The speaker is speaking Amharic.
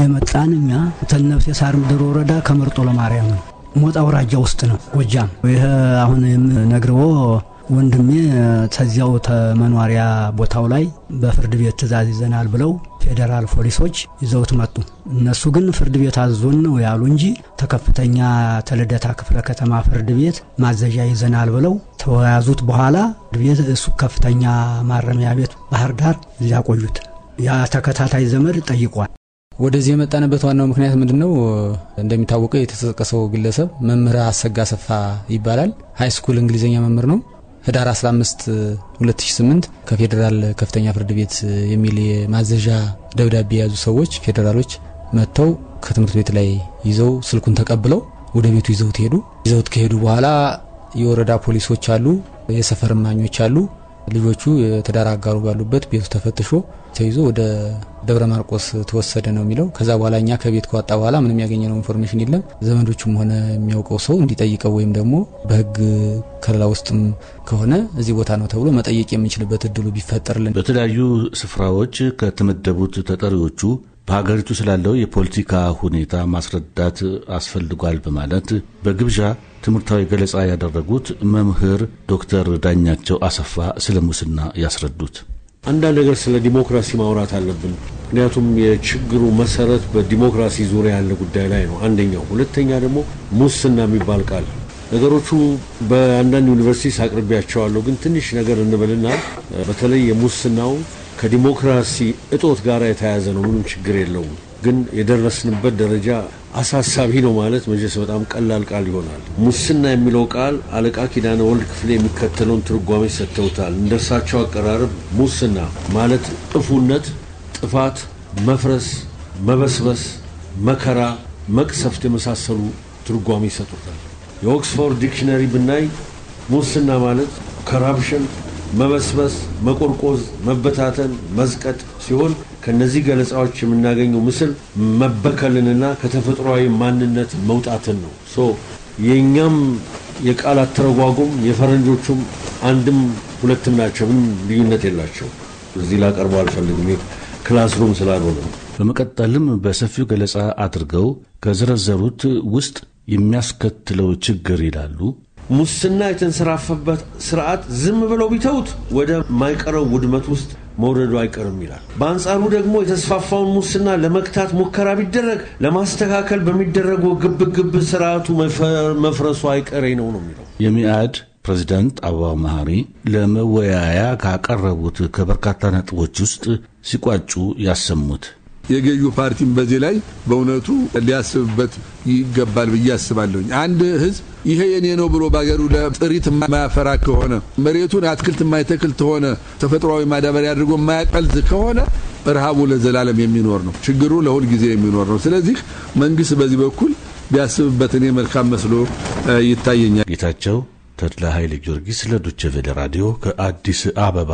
የመጣን እኛ ተልነፍሴ ምድር ወረዳ ከመርጦ ለማርያም ነው። ሞጣ አውራጃ ውስጥ ነው ጎጃም። ይህ አሁን የምነግርዎ ወንድሜ ተዚያው ተመኗሪያ ቦታው ላይ በፍርድ ቤት ትእዛዝ ይዘናል ብለው ፌዴራል ፖሊሶች ይዘውት መጡ። እነሱ ግን ፍርድ ቤት አዞን ነው ያሉ እንጂ ተከፍተኛ ተልደታ ክፍለ ከተማ ፍርድ ቤት ማዘዣ ይዘናል ብለው ተወያዙት። በኋላ ቤት እሱ ከፍተኛ ማረሚያ ቤት ባህር ዳር እዚያ ቆዩት። ያ ተከታታይ ዘመድ ጠይቋል። ወደዚህ የመጣንበት ዋናው ምክንያት ምንድን ነው? እንደሚታወቀው የተጠቀሰው ግለሰብ መምህር አሰጋ ሰፋ ይባላል። ሀይ ስኩል እንግሊዝኛ መምህር ነው። ህዳር 15 2008 ከፌዴራል ከፍተኛ ፍርድ ቤት የሚል የማዘዣ ደብዳቤ የያዙ ሰዎች ፌዴራሎች መጥተው ከትምህርት ቤት ላይ ይዘው ስልኩን ተቀብለው ወደ ቤቱ ይዘውት ሄዱ። ይዘውት ከሄዱ በኋላ የወረዳ ፖሊሶች አሉ፣ የሰፈር እማኞች አሉ ልጆቹ የትዳር አጋሩ ባሉበት ቤቱ ተፈትሾ ተይዞ ወደ ደብረ ማርቆስ ተወሰደ ነው የሚለው። ከዛ በኋላ እኛ ከቤት ከወጣ በኋላ ምንም ያገኘነው ኢንፎርሜሽን የለም። ዘመዶቹም ሆነ የሚያውቀው ሰው እንዲጠይቀው ወይም ደግሞ በህግ ከለላ ውስጥም ከሆነ እዚህ ቦታ ነው ተብሎ መጠየቅ የምንችልበት እድሉ ቢፈጠርልን በተለያዩ ስፍራዎች ከተመደቡት ተጠሪዎቹ በሀገሪቱ ስላለው የፖለቲካ ሁኔታ ማስረዳት አስፈልጓል በማለት በግብዣ ትምህርታዊ ገለጻ ያደረጉት መምህር ዶክተር ዳኛቸው አሰፋ ስለ ሙስና ያስረዱት አንዳንድ ነገር ስለ ዲሞክራሲ ማውራት አለብን። ምክንያቱም የችግሩ መሰረት በዲሞክራሲ ዙሪያ ያለ ጉዳይ ላይ ነው አንደኛው። ሁለተኛ ደግሞ ሙስና የሚባል ቃል ነገሮቹ በአንዳንድ ዩኒቨርሲቲ አቅርቤያቸዋለሁ፣ ግን ትንሽ ነገር እንበልና በተለይ የሙስናው ከዲሞክራሲ እጦት ጋር የተያያዘ ነው። ምንም ችግር የለውም። ግን የደረስንበት ደረጃ አሳሳቢ ነው ማለት መቼስ በጣም ቀላል ቃል ይሆናል። ሙስና የሚለው ቃል አለቃ ኪዳነ ወልድ ክፍሌ የሚከተለውን ትርጓሜ ሰጥተውታል። እንደርሳቸው አቀራረብ ሙስና ማለት ጥፉነት፣ ጥፋት፣ መፍረስ፣ መበስበስ፣ መከራ፣ መቅሰፍት የመሳሰሉ ትርጓሜ ይሰጡታል። የኦክስፎርድ ዲክሽነሪ ብናይ ሙስና ማለት ከራፕሽን መበስበስ፣ መቆርቆዝ፣ መበታተን፣ መዝቀጥ ሲሆን ከነዚህ ገለጻዎች የምናገኘው ምስል መበከልንና ከተፈጥሯዊ ማንነት መውጣትን ነው። ሶ የእኛም የቃላት ተረጓጉም የፈረንጆቹም አንድም ሁለትም ናቸው። ምን ልዩነት የላቸው። እዚህ ላቀርቡ አልፈልግም ክላስሩም ስላልሆነ። በመቀጠልም በሰፊው ገለጻ አድርገው ከዘረዘሩት ውስጥ የሚያስከትለው ችግር ይላሉ ሙስና የተንሰራፈበት ስርዓት ዝም ብለው ቢተውት ወደ ማይቀረው ውድመት ውስጥ መውረዱ አይቀርም ይላል። በአንጻሩ ደግሞ የተስፋፋውን ሙስና ለመግታት ሙከራ ቢደረግ ለማስተካከል በሚደረገው ግብግብ ስርዓቱ መፍረሱ አይቀሬ ነው ነው የሚለው የሚአድ ፕሬዚዳንት አበባው መሐሪ ለመወያያ ካቀረቡት ከበርካታ ነጥቦች ውስጥ ሲቋጩ ያሰሙት የገዩ ፓርቲም በዚህ ላይ በእውነቱ ሊያስብበት ይገባል ብዬ አስባለሁኝ። አንድ ህዝብ ይሄ የኔ ነው ብሎ በሀገሩ ለጥሪት የማያፈራ ከሆነ መሬቱን አትክልት የማይተክል ከሆነ ተፈጥሯዊ ማዳበሪያ አድርጎ የማያቀልዝ ከሆነ ረሃቡ ለዘላለም የሚኖር ነው። ችግሩ ለሁል ጊዜ የሚኖር ነው። ስለዚህ መንግስት በዚህ በኩል ቢያስብበት እኔ መልካም መስሎ ይታየኛል። ጌታቸው ተድላ ኃይለ ጊዮርጊስ ለዶቼ ቬለ ራዲዮ ከአዲስ አበባ